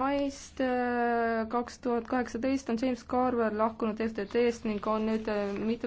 maist äh, kaks tuhat kaheksateist on James Carver lahkunud FTT-st ning on nüüd äh, mitu